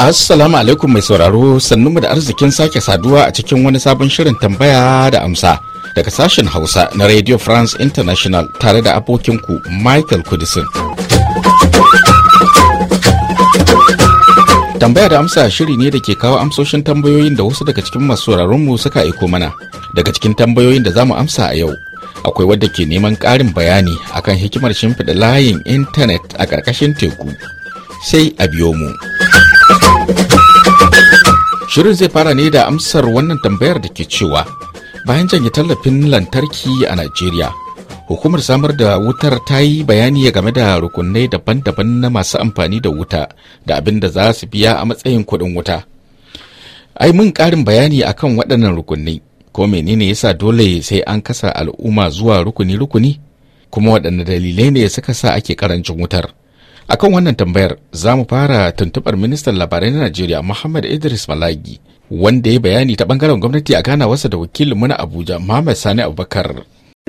Assalamu alaikum mai sauraro sannunmu da arzikin sake saduwa a cikin wani sabon shirin tambaya da amsa daga sashen Hausa na Radio France International tare da abokinku Michael Kudisin. Tambaya da amsa shiri ne da ke kawo amsoshin tambayoyin da wasu daga cikin masu sauraronmu suka aiko mana. Daga cikin tambayoyin da za mu amsa a yau, akwai wadda ke neman ƙarin bayani akan hikimar shimfiɗa layin intanet a ƙarƙashin teku. Sai a biyo mu. Shirin zai fara ne da amsar wannan tambayar da ke cewa bayan janye tallafin lantarki a Najeriya, hukumar samar da wutar ta yi bayani game da rukunai daban-daban na masu amfani da wuta da abin da za su biya a matsayin kuɗin wuta. Ai mun ƙarin bayani akan waɗannan rukunai, ko menene yasa dole sai an kasa al'umma zuwa rukuni-rukuni? Kuma waɗanne dalilai ne suka sa ake ƙarancin wutar? akan wannan tambayar za mu fara tuntubar ministan labarai na najeriya muhammad idris malagi wanda ya bayani ta bangaren gwamnati a wasa da wakilin mu na abuja muhammad sani abubakar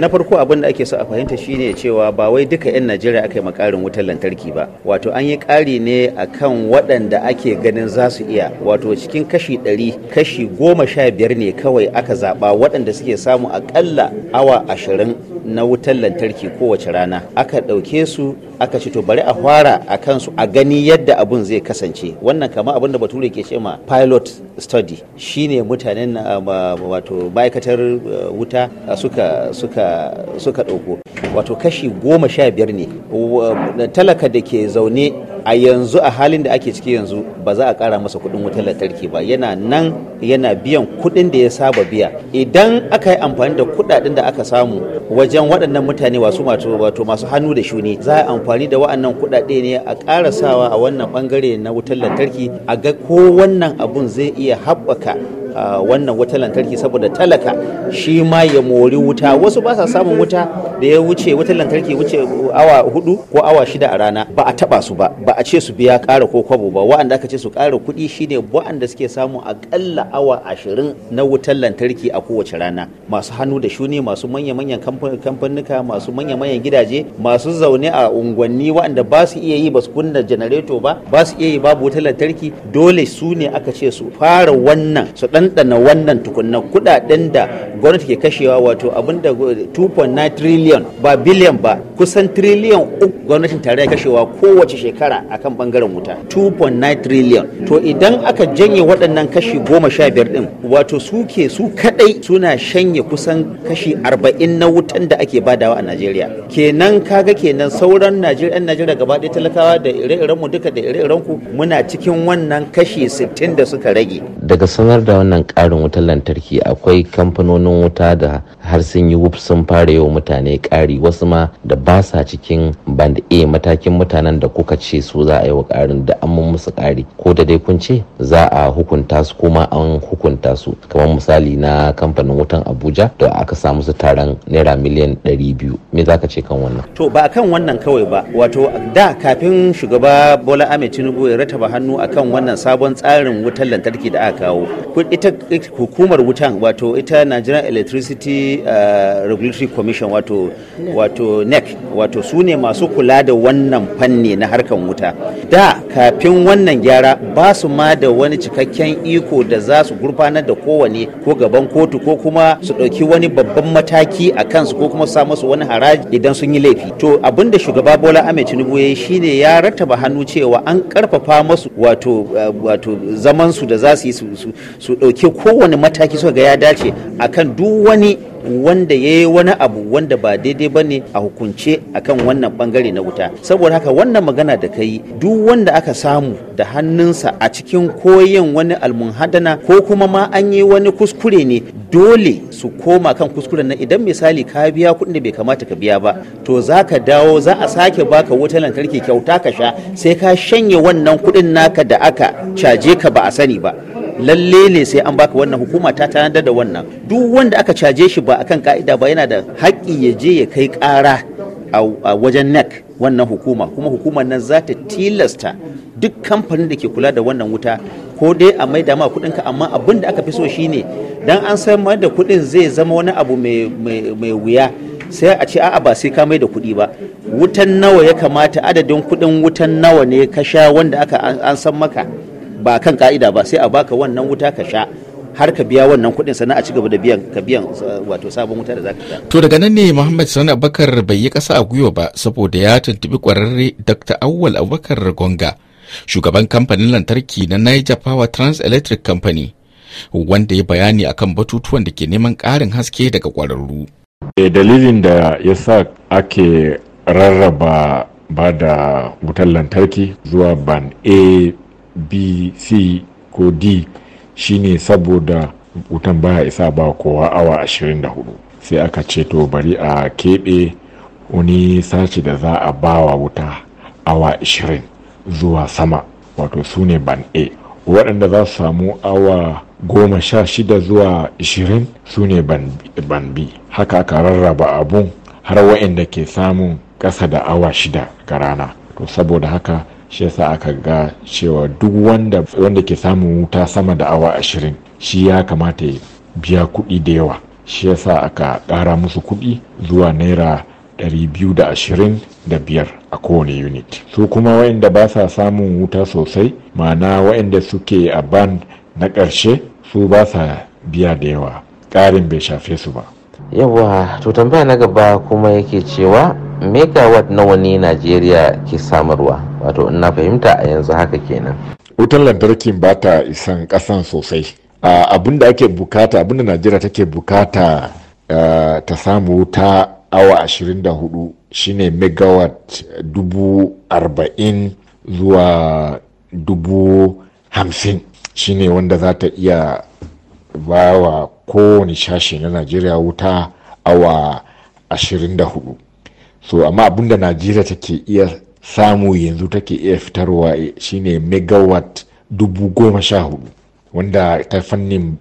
na farko abin da ake so a fahimta shine cewa ba wai duka 'yan najeriya aka yi makarin wutar lantarki ba wato an yi kari ne akan waɗanda ake ganin za su iya wato cikin kashi ɗari kashi goma sha biyar ne kawai aka zaɓa waɗanda suke samu akalla awa ashirin na wutar lantarki kowace rana aka ɗauke su aka ci to bari a fara a kansu a gani yadda abun zai kasance wannan kama abin da bature ke ce ma pilot study shine mutanen ah, wato ma'aikatar ah, wuta suka suka suka ɗauko wato kashi goma sha biyar ne talaka da ke zaune a yanzu a halin da ake ciki yanzu ba za a ƙara masa kuɗin wutar lantarki ba yana nan yana biyan kuɗin da ya saba biya idan aka yi amfani da kuɗaɗen da aka samu wajen waɗannan mutane wasu wato masu hannu da shuni za a amfani da waɗannan kuɗaɗe ne a ƙara sawa a wannan ɓangare na wutar lantarki a ga ko wannan abun zai iya haɓaka wannan wata lantarki saboda talaka shi ma ya mori wuta wasu ba sa samun wuta da ya wuce wata lantarki wuce awa hudu ko awa shida a rana ba a taba su ba ba a ce su biya kara ko kwabo ba wa'anda aka ce su kara kuɗi shine wa'anda suke samu akalla awa ashirin na wutar lantarki a kowace rana masu hannu da shuni masu manya-manyan kamfanuka masu manya-manyan gidaje masu zaune a unguwanni wa'anda ba su iya yi ba su kunna janareto ba ba su iya yi babu wutar lantarki dole su ne aka ce su fara wannan su ɗanɗana wannan tukunna kuɗaɗen da gwamnati ke kashewa wato abin da 2.9 trillion ba biliyan ba kusan trillion uku gwamnatin tarayya kashewa kowace shekara akan bangaren wuta 2.9 trillion to idan aka janye waɗannan kashi goma sha biyar ɗin wato suke su kaɗai suna shanye kusan kashi arba'in na wutan da ake badawa a najeriya kenan kaga kenan sauran najeriya najeriya gaba ɗaya talakawa da ire-iren duka da ire-iren muna cikin wannan kashi sittin da suka rage daga sanar da wannan karin wutar lantarki akwai kamfanonin wuta da har sun yi wuf sun fara yau mutane kari wasu ma da ba sa cikin band a matakin mutanen da kuka ce su za a yi wa ƙarin da an mun musu ƙari ko da dai kun ce za a hukunta su kuma an hukunta su kamar misali na kamfanin wutan abuja da aka sa musu taron naira miliyan 200 me za ka ce kan wannan to ba kan wannan kawai ba wato da kafin shugaba bola ahmed tinubu ya rataba hannu akan wannan sabon tsarin wutar lantarki da aka kawo ita hukumar wutan wato ita Nigerian Electricity uh, Regulatory Commission wato wato NEC wato su ne masu kula da wannan fanni na harkar wuta da kafin wannan gyara ba su ma da wani cikakken iko da za su gurfanar da kowane ko gaban kotu ko kuma su ɗauki wani babban mataki a kansu ko kuma su samu su wani haraji idan sun yi laifi to abin da shugaba Bola Ahmed Tinubu ya yi shine ya rattaba hannu cewa an karfafa masu wato uh, wato zaman su da za su yi su su ɗauke kowane mataki suka ga ya dace a kan duk wani wanda ya yi wani abu wanda ba daidai ba ne a hukunce a kan wannan bangare na wuta saboda haka wannan magana da ka yi duk wanda aka samu da hannunsa a cikin koyin wani almunhadana ko kuma ma an yi wani kuskure ne dole su koma kan kuskuren nan idan misali ka biya kuɗin da bai kamata ka biya ba to za ka dawo za a sake baka wutar lantarki kyauta ka sha sai ka shanye wannan kuɗin naka da aka caje ka ba a sani ba lalle ne sai an baka wannan hukuma ta tanadar da wannan duk wanda aka caje shi ba akan ka'ida ba yana da haƙƙi ya je ya kai ƙara a wajen nec wannan hukuma kuma hukumar nan za ta tilasta duk kamfanin da ke kula da wannan wuta ko dai a maida ma ka amma abin da aka fi so shine dan an san samar da kuɗin zai zama wani abu mai wuya sai a ce a'a ba sai ka mai da kuɗi ba wutan nawa ya kamata adadin kuɗin wutan nawa ne ka sha wanda aka an san maka ba kan ka'ida ba sai a baka wannan wuta ka sha har ka biya wannan kuɗin sannan a cigaba da biyan ka biyan uh, wato sabon wuta da zaka To daga nan ne Muhammad Sani Abubakar bai yi kasa a gwiwa ba saboda ya tuntubi ƙwararre Dr. Awwal Abubakar Gonga shugaban kamfanin lantarki na Niger Power Trans Electric Company wanda ya bayani akan batutuwan da ke neman ƙarin haske daga kwararru. E eh, dalilin da ya sa ake rarraba ba da wutar lantarki zuwa ban A b c ko d shine saboda wutan baya isa ba kowa awa 24 sai aka ce to bari a keɓe wani sashi da za a ba wa wuta awa 20 zuwa sama wato su ne ban a waɗanda za su samu awa goma sha shida zuwa 20 su ne ban B, haka aka rarraba abun har wa'inda ke samun ƙasa da awa shida ga rana to saboda haka shi yasa aka ga cewa duk wanda wanda ke samun wuta sama da awa ashirin shi ya kamata ya biya kuɗi da yawa shi yasa aka ƙara musu kuɗi zuwa naira 225 a kowane unit su kuma wayanda ba sa samun wuta sosai ma'ana wayanda suke a band na ƙarshe su ba sa biya da yawa ƙarin bai shafe su ba yawa to tambaya na gaba kuma yake cewa megawatt nawa ne najeriya ke samarwa wato in fahimta a yanzu haka kenan wutan lantarkin ba ta isan kasan sosai abin da ake bukata abin da najeriya take bukata ta samu wuta awa 24 shine megawatt dubu arba'in zuwa dubu hamsin shine wanda za ta iya ba wa kowane shashi na najeriya wuta awa 24 so amma abinda najeriya take iya samu yanzu take iya fitarwa shine megawatt dubu goma sha hudu wanda ta fannin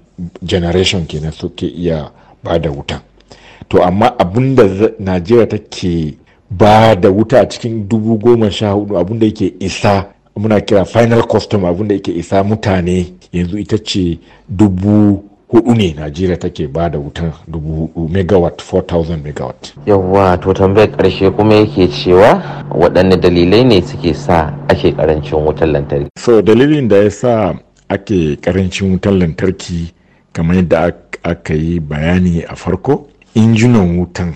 generation kenan suke iya ba da wuta to amma abinda najeriya take ba da wuta a cikin dubu goma sha hudu abinda yake isa muna kira final custom abinda yake isa mutane yanzu ita ce dubu hudu ne najeriya take ba da wutan megawatt 4000 megawatt yawwa to tambayar karshe kuma yake cewa waɗanne dalilai ne suke sa ake karancin wutan lantarki so dalilin da ya sa ake karancin wutan lantarki kamar yadda aka yi bayani a farko injunan wutan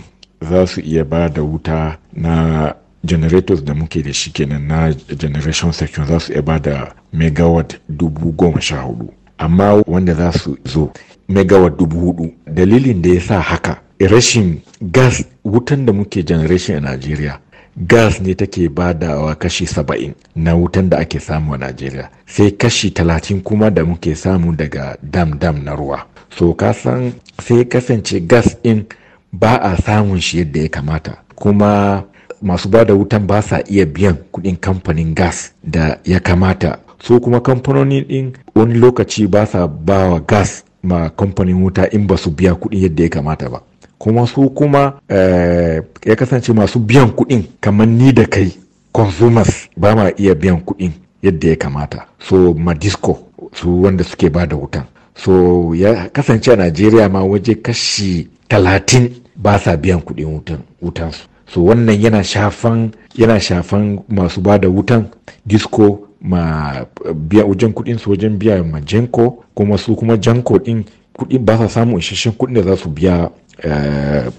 za su iya ba da wuta na generators da muke da shi kenan na generation section za su iya ba da megawatt dubu goma sha hudu amma wanda za su zo megawatt dubu hudu dalilin da ya sa haka rashin gas wutan da muke generation a najeriya gas ne take badawa kashi saba'in na wutan da ake samu a najeriya sai kashi talatin kuma da muke samu daga dam dam na ruwa so kasan sai kasance gas in ba a samun shi yadda ya kamata kuma masu ba da wutan ba sa iya biyan kudin kamfanin gas da ya kamata su kuma kamfanoni din wani lokaci ba sa ba wa gas ma kamfanin wuta in ba su biya kuɗi yadda ya kamata ba kuma su kuma eh, ya kasance masu biyan kuɗin kamar ni da kai consumers ba ma iya biyan kuɗin yadda ya kamata so madisco su wanda suke ba da wutan so ya kasance a najeriya ma waje kashi talatin ba sa biyan kuɗin wutan wutansu so wannan yana shafan yana shafan masu ba da wutan disco ma biya wajen kudin su wajen biya ma janko kuma su kuma janko din kudin ba sa samun isasshen kudin da za su biya eh, eh,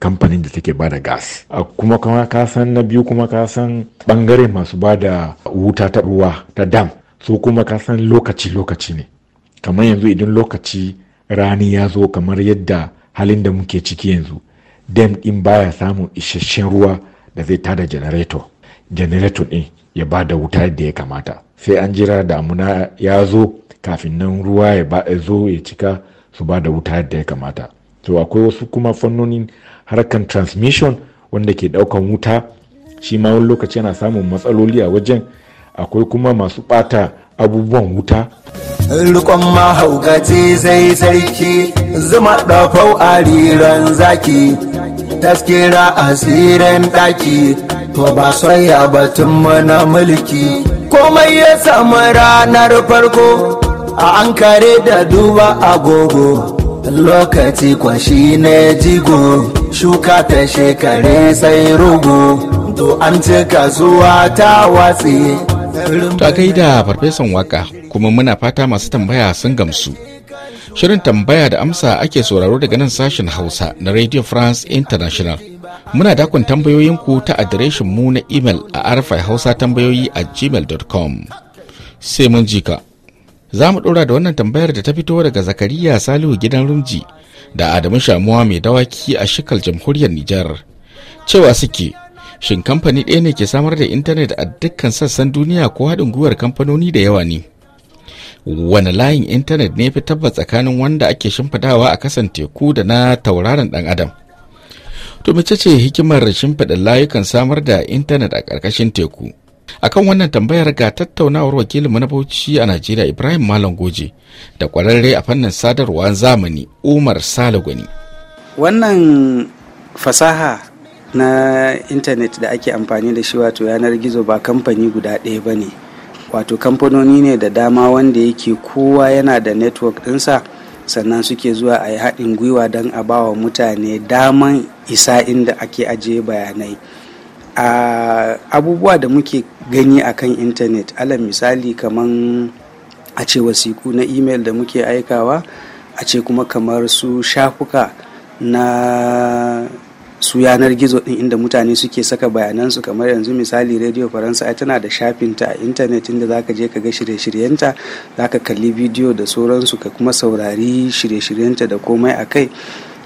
kamfanin da take bada gas kuma kuma ka san na biyu kuma ka san bangare masu bada wuta ta ruwa ta dam su kuma ka san lokaci lokaci ne kamar yanzu idan lokaci rani ya zo kamar yadda halin da muke ciki yanzu dam din baya samun isasshen ruwa da zai tada janareto. janareto din ya ba da wuta yadda ya kamata sai an jira damuna ya zo kafin nan ruwa ya zo ya cika su ba da wuta yadda ya kamata to akwai wasu kuma fannonin harkan transmission wanda ke daukan wuta shi ma wani lokaci yana samun matsaloli a wajen akwai kuma masu bata abubuwan wuta rikon mahaukaci zai sarki zuma dafau a riran zaki taskira asirin daki. to ba soyayya batun mana mulki komai ya samu ranar farko a an kare da duba agogo lokaci kwashi ne jigo shuka ta shekare sai rugu to an cika zuwa ta watsi ta gaida farfesan waka kuma muna fata masu tambaya sun gamsu shirin tambaya da amsa ake sauraro daga nan sashen hausa na radio france international Muna dakon tambayoyinku ta adireshin mu na imel a arfai hausa tambayoyi a gmail.com. Sai mun ka. Za mu ɗora da wannan tambayar da ta fito daga Zakariya Salihu gidan Rumji da Adamu Shamuwa mai dawaki a shikal jamhuriyar Nijar. Cewa suke, shin kamfani ɗaya ne ke samar da intanet a dukkan sassan duniya ko haɗin gwiwar kamfanoni da yawa ne? Wani layin intanet ne fi tabbas tsakanin wanda ake shimfidawa a kasan teku da na tauraron ɗan Adam? To mace ce hikimar shimfiɗa layukan samar da intanet a ƙarƙashin teku? Akan wannan tambayar ga tattaunawar wakilin na Bauchi a Najeriya Ibrahim Malam Goje da ƙwararre a fannin sadarwa zamani Umar Salagwani. Wannan fasaha na intanet da ake amfani da shi wato yanar gizo ba kamfani guda ɗaya ba ne. Wato kamfanoni ne da dama wanda yake kowa yana da network ɗinsa. sannan suke zuwa a yi haɗin gwiwa don a bawa mutane daman isa inda ake ajiye bayanai a abubuwa da muke gani a kan intanet alal misali kaman a ce wasiku na imel da muke aikawa a ce kuma kamar su shafuka na su yanar gizo ɗin inda mutane suke saka bayanansu kamar yanzu misali radio faransa ai tana da shafinta a intanet inda zaka je ka ga shirye-shiryenta zaka kalli bidiyo da sauransu ka kuma saurari shirye-shiryenta da komai a kai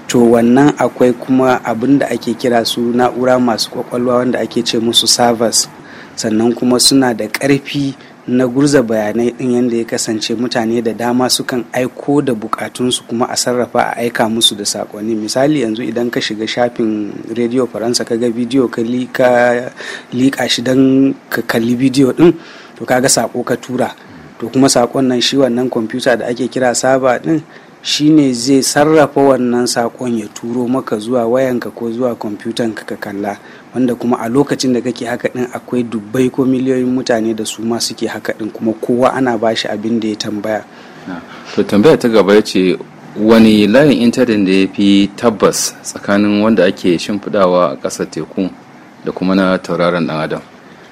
to wannan akwai kuma abin da ake kira su na'ura masu kwakwalwa wanda ake ce musu servers sannan kuma suna da ƙarfi na gurza bayanai din yadda ya kasance mutane da dama sukan aiko da bukatunsu kuma a sarrafa a aika musu da sakonni misali yanzu idan ka shiga shafin rediyo faransa ka ga bidiyo ka liƙa shi don ka kalli bidiyo din to kaga sako ka tura to kuma sakon nan shi wannan kwamfuta da ake kira saba din shine zai sarrafa wannan sakon ya turo maka zuwa wayanka ko zuwa kwamfutanka ka kalla wanda kuma a lokacin da kake haka din akwai dubbai ko miliyoyin mutane da su ma suke haka din kuma kowa ana bashi abin da ya tambaya to tambaya ta gaba ce wani layin intanet da ya fi tabbas tsakanin wanda ake shimfidawa a ƙasar teku da kuma na tauraron dan adam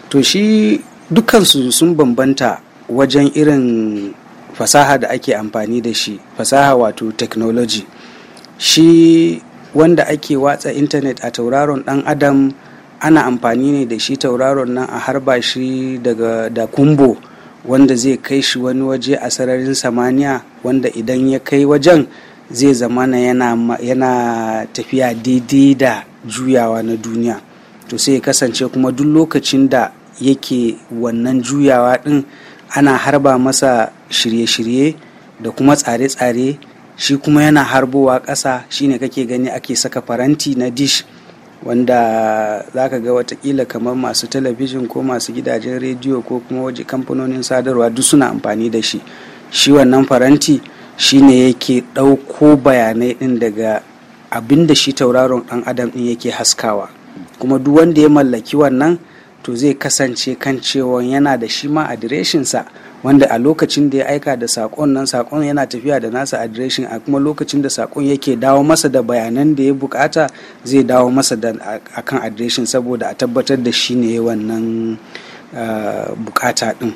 to shi dukansu sun bambanta wajen irin fasaha da ake amfani da shi fasaha wato technology shi wanda ake watsa intanet a tauraron dan adam ana amfani ne da shi tauraron nan a harba shi daga da kumbo wanda zai kai shi wani waje a sararin samaniya wanda idan ya kai wajen zai zama yana, tafiya daidai da juyawa na duniya to sai ya kasance kuma duk lokacin da yake wannan juyawa din ana harba masa shirye-shirye da kuma tsare-tsare shi kuma yana harbowa ƙasa shine kake gani ake saka faranti na dish wanda za ka ga watakila kamar masu talabijin ko masu gidajen rediyo ko kuma waje kamfanonin sadarwa duk suna amfani da shi shi wannan faranti shine yake ɗauko bayanai ɗin daga abin da shi tauraron ɗan adam ɗin yake haskawa kuma duk wanda ya mallaki wannan to zai kasance kan cewa yana da shi ma adireshinsa wanda a lokacin da ya aika da sakon nan sakon yana tafiya da nasa adireshin a kuma lokacin da sakon yake dawo masa da bayanan da ya bukata zai dawo masa da akan adireshin saboda a tabbatar da shi ne wannan bukata din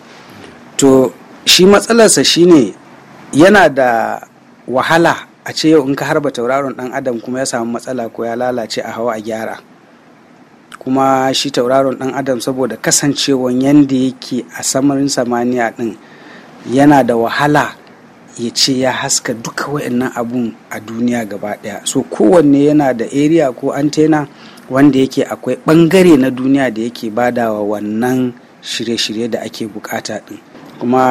to shi matsalarsa shine yana da wahala a ce yau in ka harba tauraron dan adam kuma ya samu matsala ko ya lalace a hawa a gyara kuma shi tauraron dan adam saboda kasancewan yadda yake a samarin samaniya din yana da wahala ya ce ya haska duka wa'annan abun a duniya gaba daya so kowanne yana da area ko antena wanda yake akwai bangare na duniya da yake badawa wannan shirye-shirye da ake bukata din kuma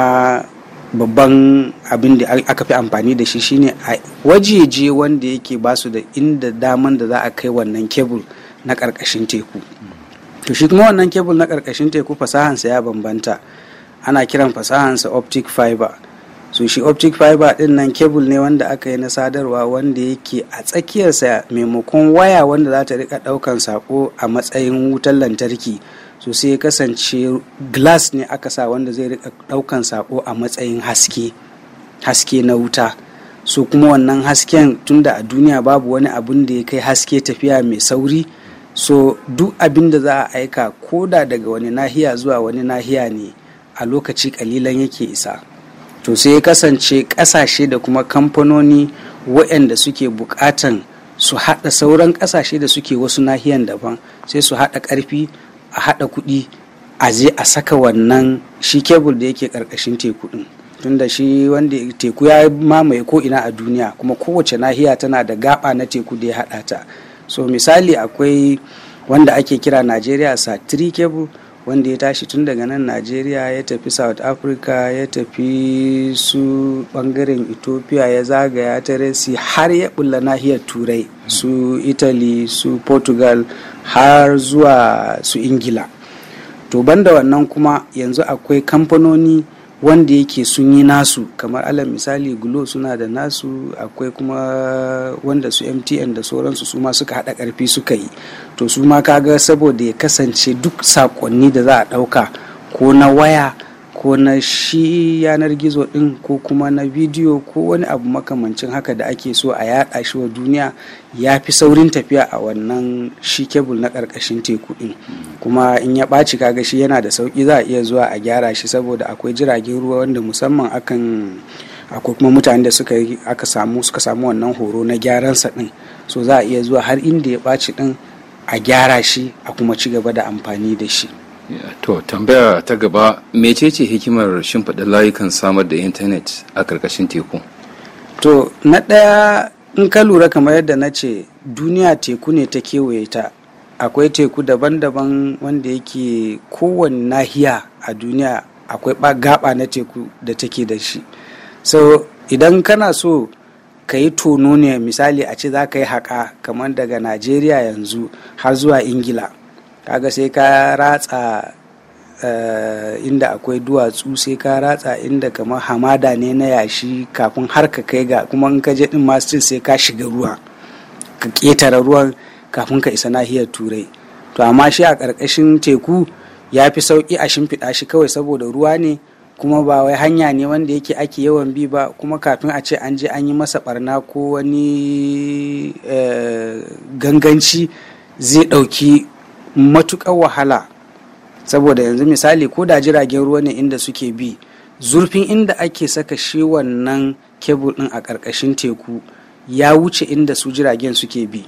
babban abin da aka fi amfani da shi shine a wajeje wanda yake basu da inda daman da za a kai wannan kebul na ƙarƙashin teku to shi kuma wannan kebul na ƙarƙashin teku fasahansa ya bambanta ana kiran fasahansa optic fiber so shi optic fiber din nan kebul ne wanda aka yi na sadarwa wanda yake a tsakiyarsa maimakon waya wanda za ta rika ɗaukan sako a matsayin wutar lantarki so sai ya kasance glass ne aka sa wanda zai rika ɗaukan sako a matsayin haske haske na wuta so kuma wannan hasken tunda a duniya babu wani abun da ya kai haske tafiya mai sauri so duk abin da za a aika ko da daga wani nahiya zuwa wani nahiya ne a lokaci kalilan yake isa to sai ya kasance kasashe da kuma kamfanoni waɗanda suke buƙatan su haɗa sauran kasashe da suke wasu nahiyan daban sai su haɗa ƙarfi a haɗa kuɗi a je a saka wannan shi kebul da yake ƙarƙashin teku ɗin tunda shi wanda teku ya mamaye ko ina a duniya kuma kowace nahiya tana da gaɓa na teku da ya haɗa ta so misali akwai wanda ake kira najeriya satiri kebu wanda ya tashi tun daga nan nigeria ya tafi south africa ya tafi su bangaren ethiopia ya zagaya ta resi har ya bulla nahiyar turai su italy su portugal har zuwa su ingila to banda wannan kuma yanzu akwai kamfanoni wanda yake sun yi nasu kamar alal misali glo suna da nasu akwai kuma wanda su mtn da sauransu su ma suka hada karfi suka yi to su ma kaga saboda ya kasance duk sakonni da za a dauka ko na waya ko na shi yanar gizo din ko kuma na bidiyo ko wani abu makamancin haka da ake so a yaɗa shi wa duniya ya fi saurin tafiya a wannan shi kebul na ƙarƙashin teku ɗin kuma in ya ɓaci kaga shi yana da sauƙi za a iya zuwa a gyara shi saboda akwai jiragen ruwa wanda musamman akan akwai kuma mutane da suka aka samu suka samu wannan horo na gyaran sa ɗin so za a iya zuwa har inda ya ɓaci ɗin a gyara shi a kuma ci gaba da amfani da shi. to tambaya ta gaba mecece hikimar shimfiɗa layukan samar da intanet a ƙarƙashin teku to na ɗaya in ka lura kamar yadda na ce duniya teku ne ta kewaye ta akwai teku daban-daban wanda yake kowane nahiya a duniya akwai gaba na teku da take da shi so idan kana so ka yi tono ne misali a ce za ka yi haƙa kamar daga najeriya yanzu har zuwa ingila kaga sai ka ratsa eh, inda akwai duwatsu sai ka ratsa inda kamar hamada ne na yashi kafin har ka kai ga kuma in ka je din mastin sai ka shiga ruwa ka ƙetare ruwan kafin ka isa nahiyar turai to amma shi a ƙarƙashin teku ya fi sauƙi a shimfiɗa shi kawai saboda ruwa ne kuma ba wai hanya ne wanda yake ake yawan bi ba kuma kafin a ce an je an yi masa barna ko wani eh, ganganci zai ɗauki matuƙar wahala saboda yanzu misali ko da jiragen ruwa ne inda suke bi zurfin inda ake saka shi wannan kebul ɗin a ƙarƙashin teku ya wuce inda su jiragen suke bi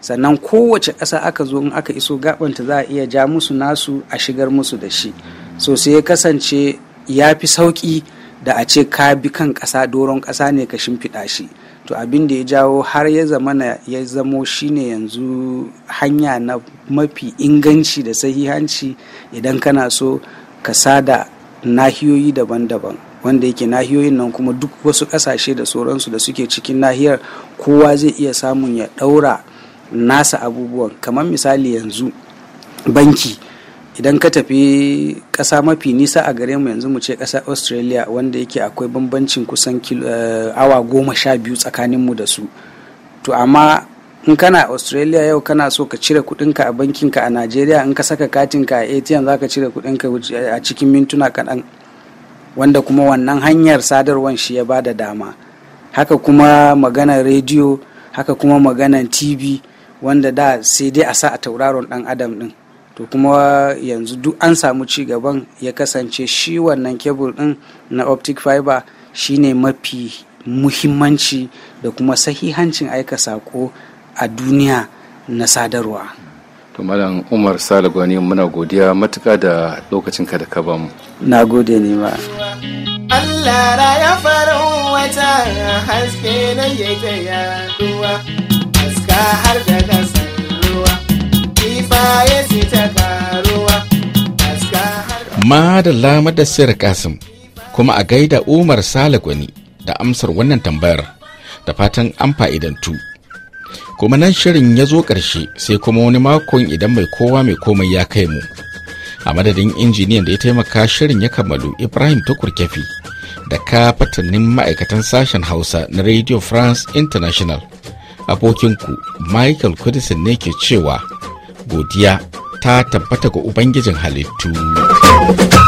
sannan kowace ƙasa aka zo in aka iso gabanta za a iya ja musu nasu a shigar musu da shi so sai ya kasance ya fi sauƙi da a ce ka bi kan ƙasa doron ƙasa ne ka shimfiɗa shi to abin da ya jawo har ya zamana ya zamo shine yanzu hanya na mafi inganci da sahihanci idan kana so ka sada nahiyoyi daban-daban wanda yake nahiyoyin nan kuma duk wasu kasashe da sauransu da suke cikin nahiyar kowa zai iya samun ya ɗaura nasa abubuwan kamar misali yanzu banki idan ka tafi ƙasa mafi nisa a gare mu yanzu mu ce ƙasa australia wanda yake akwai bambancin kusan eh, awa goma sha biyu tsakanin mu da su to amma in kana australia yau kana so ka cire kudinka a bankinka a nigeria in ka saka katin ka a atm za ka cire kudinka a cikin mintuna kaɗan wanda kuma wannan hanyar sadarwar shi ya bada dama haka kuma maganar rediyo haka kuma maganar tv wanda da sai dai a sa a tauraron dan adam din to kuma yanzu duk an samu ci gaban ya kasance shi wannan kebul din na optic fiber shine mafi muhimmanci da kuma sahihancin aika sako a duniya na sadarwa to malam umar salagwani muna godiya matuka da lokacin ka da ka bamu na gode ne ma Allah ya fara wata haske na yake yaduwa haska har da kasa Madalla Madassir Kasim kuma a gaida Umar Sale Gwani da amsar wannan tambayar da fatan an fa'idantu. Kuma nan shirin ya zo ƙarshe sai kuma wani makon idan mai kowa mai komai ya kai mu. A madadin injiniyan da ya taimaka shirin ya kammalu Ibrahim Tukur Kefi da ka fatannin ma'aikatan sashen Hausa na Radio France International. Abokinku Michael Kudisin ne ke cewa godiya ta tabbata ga Ubangijin halittu.